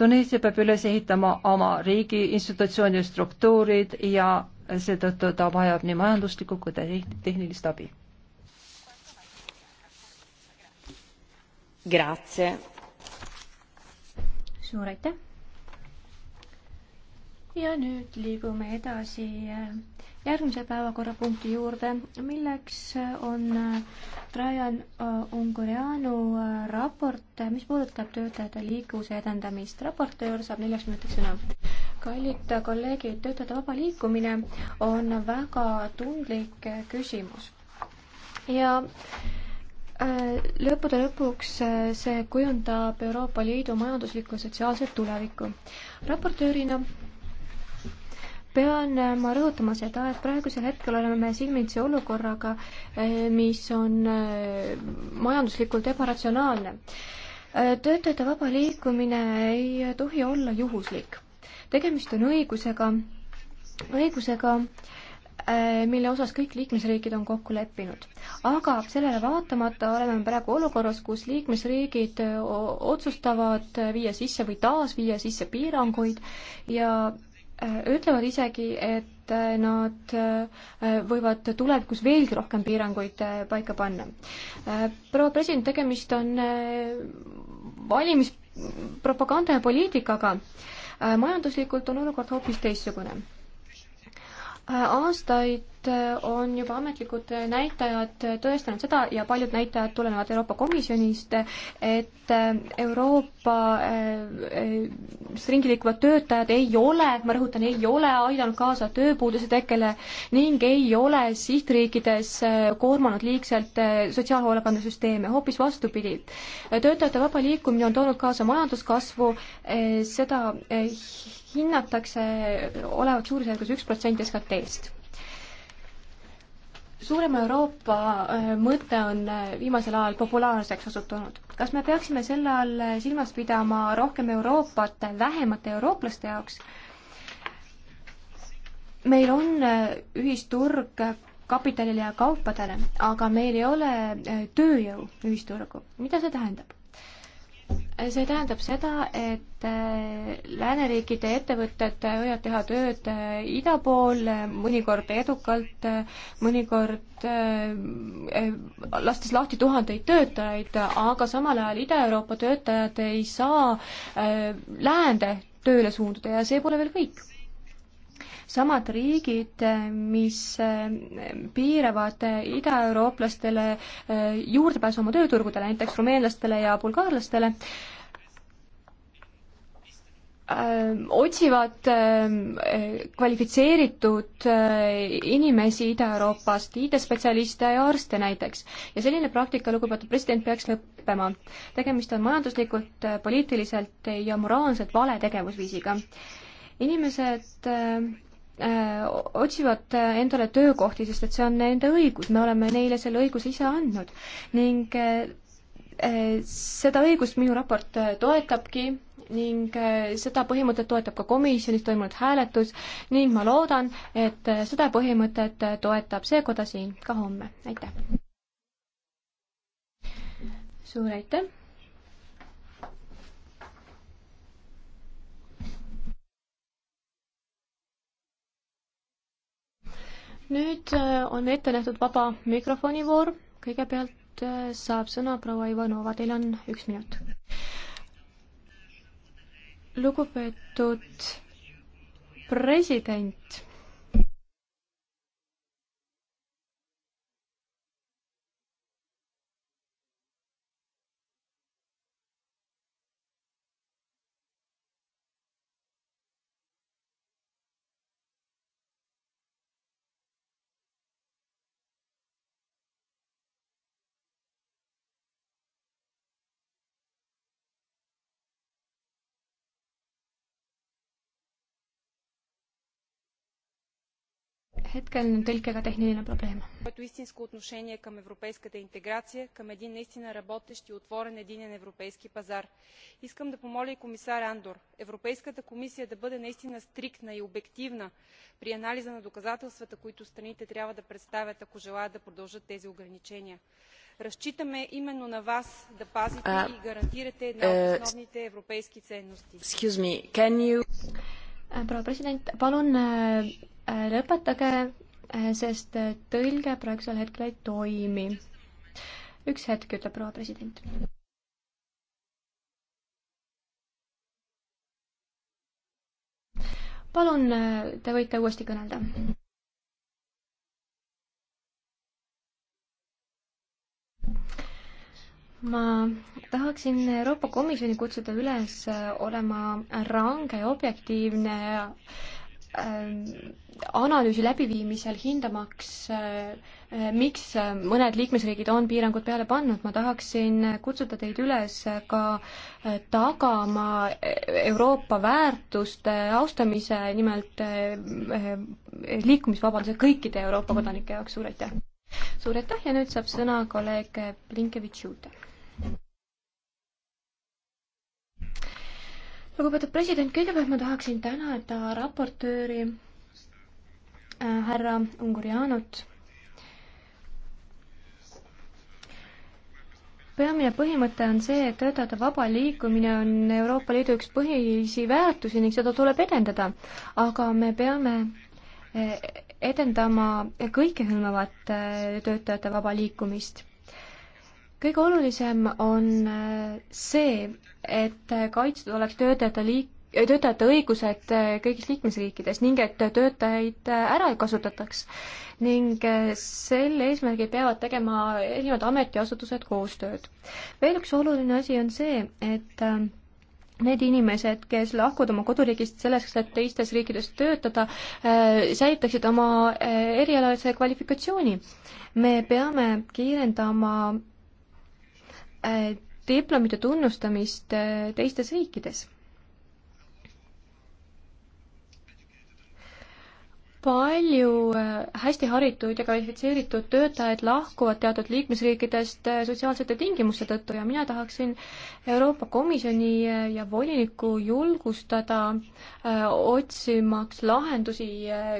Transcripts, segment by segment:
Tuneesia peab üles ehitama oma riigi institutsiooni struktuurid ja seetõttu ta vajab nii majanduslikku kui tehnilist abi. Grazie. suur aitäh. ja nüüd liigume edasi äh, järgmise päevakorrapunkti juurde, milleks on Brian äh, äh, Ungurianu äh, raport, mis puudutab töötajate liikluse edendamist. raportöör saab neljaks minutiks sõna. kallid kolleegid, töötajate vaba liikumine on väga tundlik küsimus ja lõppude lõpuks see kujundab Euroopa Liidu majanduslikku ja sotsiaalset tulevikku. raportöörina pean äh, ma rõhutama seda, et praegusel hetkel oleme me silmitsi olukorraga, äh, mis on äh, majanduslikult ebaratsionaalne. töötajate vaba liikumine ei tohi olla juhuslik. tegemist on õigusega, õigusega, mille osas kõik liikmesriigid on kokku leppinud. aga sellele vaatamata oleme praegu olukorras, kus liikmesriigid otsustavad viia sisse või taas viia sisse piiranguid ja ütlevad isegi, et äh, nad äh, võivad tulevikus veelgi rohkem piiranguid äh, paika panna. proua president, tegemist on valimispropaganda ja poliitikaga. majanduslikult on olukord hoopis teistsugune. aastaid Äh, on juba ametlikud äh, näitajad äh, tõestanud seda ja paljud näitajad tulenevad Euroopa Komisjonist, et Euroopas ringi liikuvad töötajad ei ole, ma rõhutan, ei ole aidanud kaasa tööpuuduse tekkele ning ei ole sihtriikides koormanud liigselt sotsiaalhoolekandesüsteeme, hoopis vastupidi. töötajate vaba liikumine on toonud kaasa majanduskasvu, seda hinnatakse olevat suurusjärgus üks protsent SKT-st suurem Euroopa äh, mõte on äh, viimasel ajal populaarseks osutunud. kas me peaksime selle all äh, silmas pidama rohkem Euroopat vähemate eurooplaste jaoks? meil on ühisturg kapitalile ja kaupadele, aga meil ei ole tööjõu ühisturgu. mida see tähendab? see tähendab seda, et äh, lääneriikide ettevõtted võivad teha tööd äh, ida pool, äh, mõnikord edukalt, mõnikord lastes lahti tuhandeid töötajaid, aga samal ajal Ida-Euroopa töötajad ei saa läände tööle suunduda ja see pole veel kõik samad riigid, mis eh, piiravad eh, idaeurooplastele eh, juurdepääsu oma tööturgudele, näiteks rumeenlastele ja bulgaarlastele, otsivad kvalifitseeritud inimesi Ida-Euroopast, IT-spetsialiste ja arste näiteks. ja selline praktika, lugupeetud president, peaks lõppema. tegemist on majanduslikult, poliitiliselt ja moraalselt vale tegevusviisiga. inimesed Äh, otsivad äh, endale töökohti, sest et see on nende õigus, me oleme neile selle õiguse ise andnud ning äh, seda õigust minu raport toetabki ning seda põhimõtet toetab ka komisjonis toimunud hääletus ning ma loodan, et seda põhimõtet toetab see koda siin ka homme, aitäh! suur aitäh! nüüd äh, on ette nähtud vaba mikrofoni voor, kõigepealt äh, saab sõna proua Ivanova, teil on üks minut. lugupeetud president hetkel on tõlkega tehniline probleem. истинско отношение към европейската интеграция, към един наистина работещ и отворен единен европейски пазар. Искам да помоля и комисар Андор, Европейската комисия да бъде наистина стриктна и обективна при анализа на доказателствата, които страните трябва да представят, ако желаят да продължат тези ограничения. Разчитаме именно на вас да пазите uh, и гарантирате една от основните европейски ценности. Excuse me, can you Äh, proua president, palun äh, äh, lõpetage, sest tõlge praegusel hetkel ei toimi. üks hetk, ütleb proua president. palun, te võite uuesti kõnelda. ma tahaksin Euroopa Komisjoni kutsuda üles äh, olema range ja objektiivne äh, analüüsi läbiviimisel hindamaks, äh, miks mõned liikmesriigid on piirangud peale pannud, ma tahaksin kutsuda teid üles ka tagama Euroopa väärtuste austamise, nimelt liikumisvabaduse kõikide Euroopa kodanike jaoks, suur aitäh! suur aitäh ja nüüd saab sõna kolleeg Blinkevitš-Juude lugupeetud president, kõigepealt ma tahaksin tänada raportööri äh, härra Ungurjanut. peamine põhimõte on see, et töötajate vaba liikumine on Euroopa Liidu üks põhilisi väärtusi ning seda tuleb edendada. aga me peame äh, edendama kõikehõlmavat äh, töötajate vaba liikumist kõige olulisem on äh, see, et äh, kaitstud oleks töötajate liik-, äh, töötajate õigused kõigis liikmesriikides ning et töötajaid ära ei kasutataks. ning sel eesmärgil peavad tegema erinevad ametiasutused koostööd. veel üks oluline asi on see, et need inimesed, kes lahkuvad oma koduriigist selleks, et teistes riikides töötada, säilitaksid oma erialase kvalifikatsiooni. me peame kiirendama Äh, diplomite tunnustamist äh, teistes riikides. palju äh, hästi haritud ja kvalifitseeritud töötajaid lahkuvad teatud liikmesriikidest sotsiaalsete tingimuste tõttu ja mina tahaksin Euroopa Komisjoni ja volinikku julgustada otsimaks lahendusi,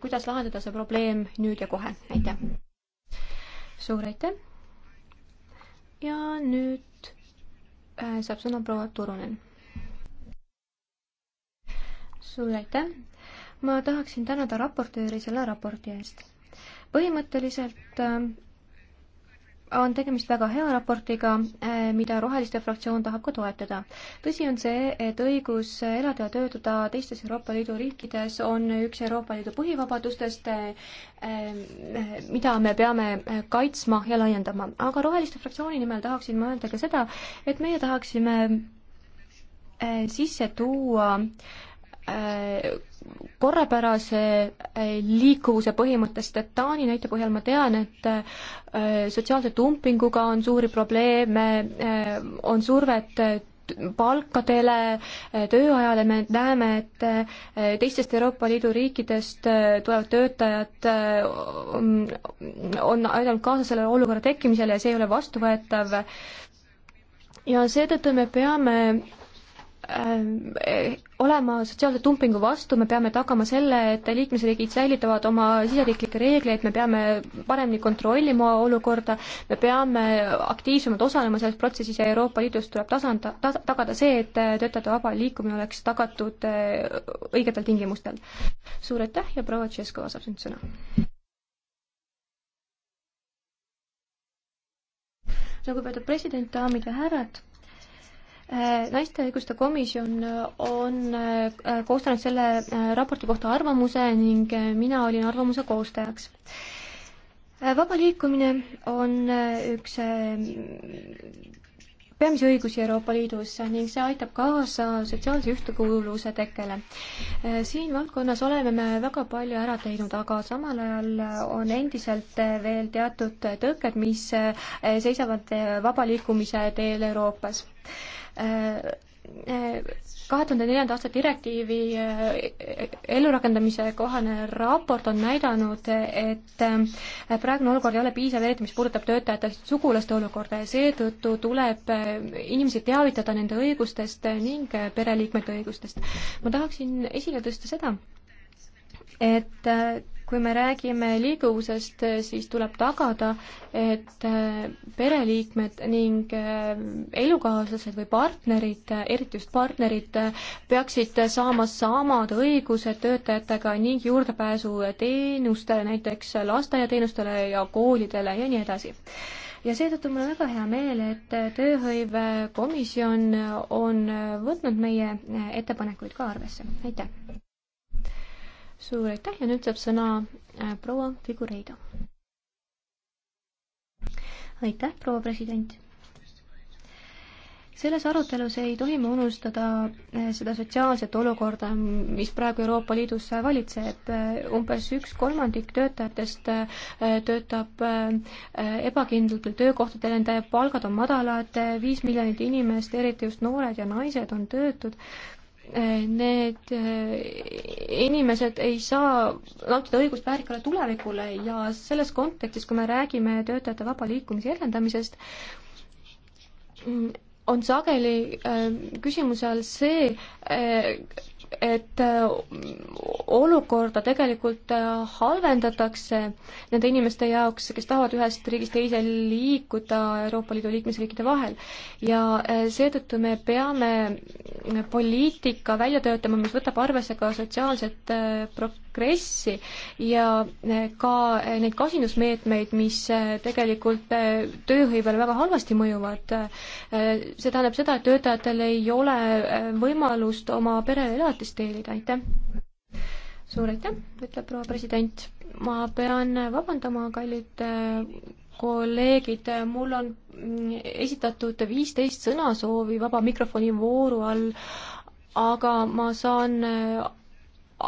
kuidas lahendada see probleem nüüd ja kohe, aitäh! suur aitäh! ja nüüd äh, saab sõna proua Turunen. suur aitäh! ma tahaksin tänada raportööri selle raporti eest. põhimõtteliselt äh, on tegemist väga hea raportiga, eh, mida Roheliste fraktsioon tahab ka toetada. tõsi on see, et õigus elada ja töötada teistes Euroopa Liidu riikides on üks Euroopa Liidu põhivabadustest, eh, eh, mida me peame kaitsma ja laiendama. aga Roheliste fraktsiooni nimel tahaksin ma öelda ka seda, et meie tahaksime sisse tuua korrapärase äh, liikuvuse põhimõttest, et Taani näite põhjal ma tean, et äh, sotsiaalse dumpinguga on suuri probleeme, äh, on survet palkadele, tööajale, me näeme, et teistest Euroopa Liidu riikidest tulevad töötajad on aidanud kaasa selle olukorra tekkimisele ja see ei ole vastuvõetav. ja seetõttu me peame Ähm, eh, olema sotsiaalse dumpingu vastu, me peame tagama selle, et liikmesriigid säilitavad oma siseriiklikke reegleid, me peame paremini kontrollima olukorda, me peame aktiivsemalt osalema selles protsessis ja Euroopa Liidus tuleb tasanda ta,, tagada see, et töötajate vaba liikumine oleks tagatud eh, õigetel tingimustel. suur aitäh ja proua Tšeskova saab nüüd sõna. lugupeetud president, daamid ja härrad Äh, naiste õiguste komisjon äh, on äh, koostanud selle raporti kohta arvamuse ning mina olin arvamuse koostajaks. vaba liikumine on üks peamisi õigusi Euroopa Liidus ning see aitab kaasa sotsiaalse ühtekuuluvuse tekkele. siin valdkonnas oleme me väga palju ära teinud, aga samal ajal on endiselt veel teatud tõkked, mis seisavad vaba liikumise teel Euroopas kahe tuhande neljanda aasta direktiivi eh, ellurakendamise kohane raport on näidanud, et eh, praegune olukord ei ole piisav, eriti mis puudutab töötajate sugulaste olukorda ja seetõttu tuleb eh, inimesi teavitada nende õigustest ning pereliikmete õigustest. ma tahaksin esile tõsta seda, et kui me räägime liikuvusest, siis tuleb tagada, et äh, pereliikmed ning äh, elukaaslased või partnerid, äh, eriti just partnerid, peaksid saama samad õigused töötajatega ning juurdepääsu teenustele, näiteks lasteaiateenustele ja koolidele ja nii edasi ja seetõttu mul on väga hea meel, et tööhõivekomisjon on võtnud meie ettepanekuid ka arvesse, aitäh! suur aitäh ja nüüd saab sõna äh, proua Figureido. aitäh, proua president selles arutelus ei tohi me unustada äh, seda sotsiaalset olukorda, mis praegu Euroopa Liidus äh, valitseb. Äh, umbes üks kolmandik töötajatest töötab ebakindlatel töökohtadel, nende palgad on madalad, viis miljonit inimest, eriti just noored ja naised, on töötud need äh, inimesed ei saa nautida õigust väärikale tulevikule ja selles kontekstis, kui me räägime töötajate vaba liikumise edendamisest, on sageli äh, küsimuse all see, äh, et äh, olukorda tegelikult halvendatakse nende inimeste jaoks, kes tahavad ühest riigist teise liikuda Euroopa Liidu liikmesriikide vahel. ja seetõttu me peame poliitika välja töötama, mis võtab arvesse ka sotsiaalset pro-, progressi ja eh, ka eh, neid kasinusmeetmeid, mis eh, tegelikult tööhõivele väga halvasti mõjuvad. see tähendab seda, et töötajatel ei ole võimalust oma perele elatist teenida, aitäh. suur aitäh, ütleb proua president. ma pean vabandama, kallid kolleegid, mul on mm, esitatud viisteist sõnasoovi vaba mikrofoni vooru all, aga ma saan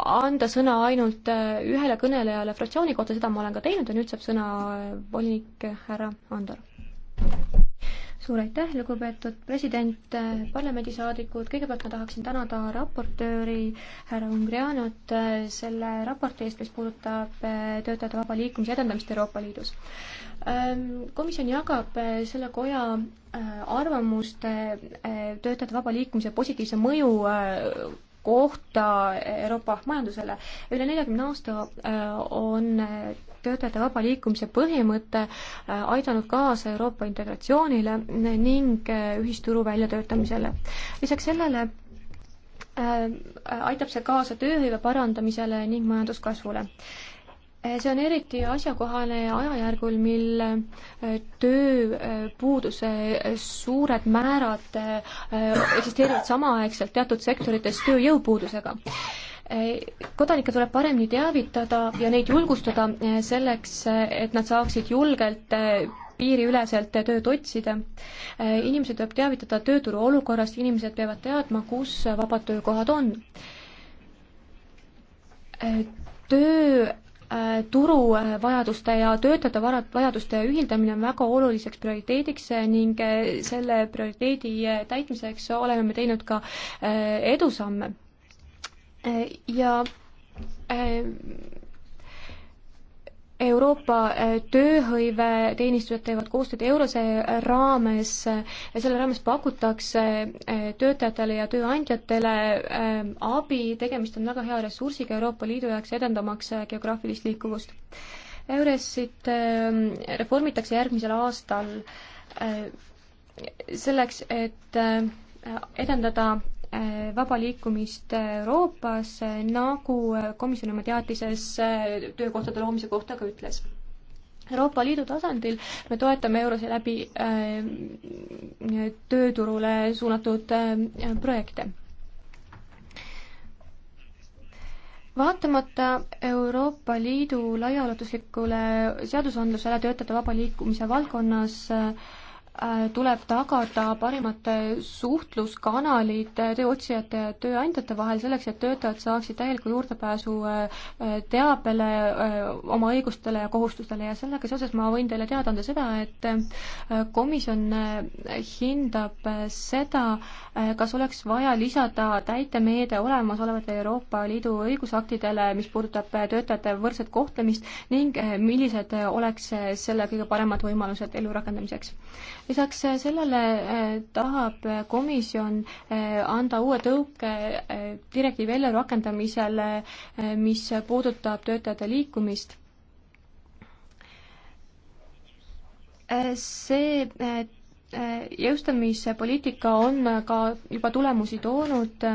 anda sõna ainult äh, ühele kõnelejale fraktsiooni kohta, seda ma olen ka teinud ja nüüd saab sõna äh, volinik härra Andor. suur aitäh, lugupeetud president, äh, parlamendisaadikud, kõigepealt ma tahaksin tänada raportööri härra Ungrianot selle raporti eest, mis puudutab töötajate vaba liikumise edendamist Euroopa Liidus. Ähm, komisjon jagab selle koja arvamust töötajate vaba liikumise positiivse mõju kohta Euroopa majandusele. üle neljakümne aasta äh, on äh, töötajate vaba liikumise põhimõte äh, aidanud kaasa Euroopa integratsioonile ning ühisturu väljatöötamisele. lisaks sellele aitab see kaasa tööhõive parandamisele ning majanduskasvule see on eriti asjakohane ajajärgul, mil äh, tööpuuduse äh, äh, suured määrad eksisteerivad samaaegselt teatud sektorites tööjõupuudusega. kodanikke tuleb paremini teavitada ja neid julgustada selleks, et nad saaksid julgelt piiriüleselt tööd otsida. inimesi tuleb teavitada tööturu olukorrast, inimesed peavad teadma, kus vabad töökohad on töö Äh, turu äh, vajaduste ja töötajate varad, vajaduste ühildamine on väga oluliseks prioriteediks äh, ning selle prioriteedi täitmiseks oleme me teinud ka edusamme. ja Euroopa äh, tööhõiveteenistujad teevad koostööd Eurose raames ja äh, selle raames pakutakse äh, töötajatele ja tööandjatele abi, tegemist on väga hea ressursiga Euroopa Liidu jaoks, edendamaks geograafilist liikuvust. Euresit reformitakse järgmisel aastal selleks, et edendada vaba liikumist Euroopas, nagu komisjon oma teatises eh, töökohtade loomise kohta ka ütles. Euroopa Liidu tasandil me toetame Eurose läbi eh, tööturule suunatud eh, projekte vaatamata Euroopa Liidu laiaulatuslikule seadusandlusele töötajate vaba liikumise valdkonnas äh, Äh, tuleb tagada parimad suhtluskanalid tööotsijate ja tööandjate vahel selleks, et töötajad saaksid täieliku juurdepääsu äh, äh, teabele, oma õigustele ja kohustustele ja sellega seoses ma võin teile teada anda seda, et komisjon hindab seda, kas oleks vaja lisada täitemeede olemasolevate Euroopa Liidu õigusaktidele, mis puudutab töötajate võrdset kohtlemist ning millised oleks selle kõige paremad võimalused elu rakendamiseks lisaks äh, sellele äh, tahab äh, komisjon anda uue tõuke direktiivi ellurakendamisele, mis puudutab töötajate liikumist see jõustamise poliitika on ka juba tulemusi toonud,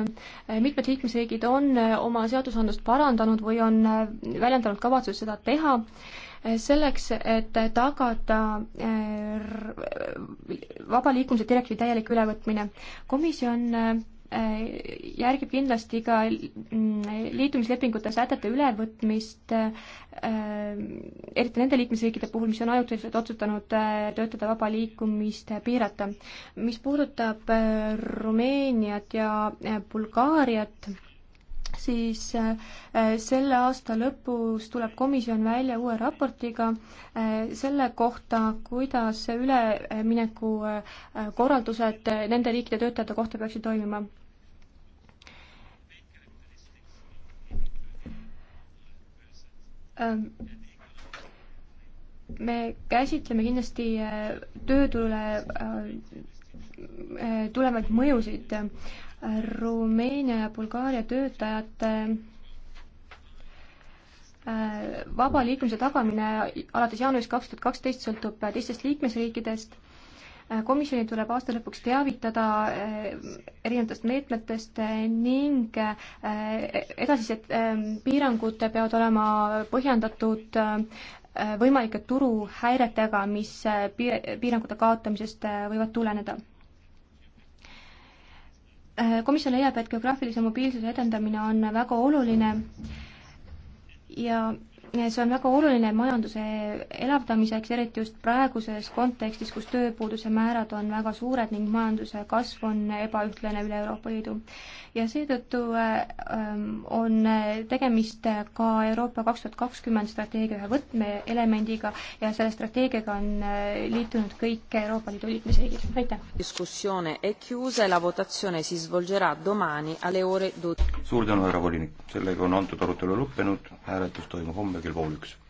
mitmed liikmesriigid on oma seadusandlust parandanud või on väljendanud kavatsust seda teha selleks, et tagada eh, vaba liikumise direktiivi täielik ülevõtmine. komisjon eh, järgib kindlasti ka mm, liitumislepingute sätete ülevõtmist, eh, eriti nende liikmesriikide puhul, mis on ajutiselt otsustanud töötada vaba liikumist piirata. mis puudutab Rumeeniat ja Bulgaariat, siis äh, selle aasta lõpus tuleb komisjon välja uue raportiga äh, selle kohta, kuidas ülemineku äh, korraldused nende riikide töötajate kohta peaksid toimima ähm, me käsitleme kindlasti tööturule tulevaid mõjusid. Rumeenia ja Bulgaaria töötajate äh, vaba liikumise tagamine alates jaanuarist kaks tuhat kaksteist sõltub äh, teistest liikmesriikidest. Äh, komisjoni tuleb aasta lõpuks teavitada erinevatest meetmetest ning edasised piirangud peavad olema põhjendatud võimalike turuhäiretega, mis piir, piirangute kaotamisest võivad tuleneda Äh, komisjon leiab, et geograafilise mobiilsuse edendamine on väga oluline ja see on väga oluline majanduse elavdamiseks, eriti just praeguses kontekstis, kus tööpuuduse määrad on väga suured ning majanduse kasv on ebaühtlane üle Euroopa Liidu. ja seetõttu ähm, on tegemist ka Euroopa kaks tuhat kakskümmend strateegia ühe võtmeelemendiga ja selle strateegiaga on äh, liitunud kõik Euroopa Liidu liikmesriigid, aitäh! E suur tänu, härra volinik, sellega on antud arutelu lõppenud, hääletus toimub homme homme kell pool üks.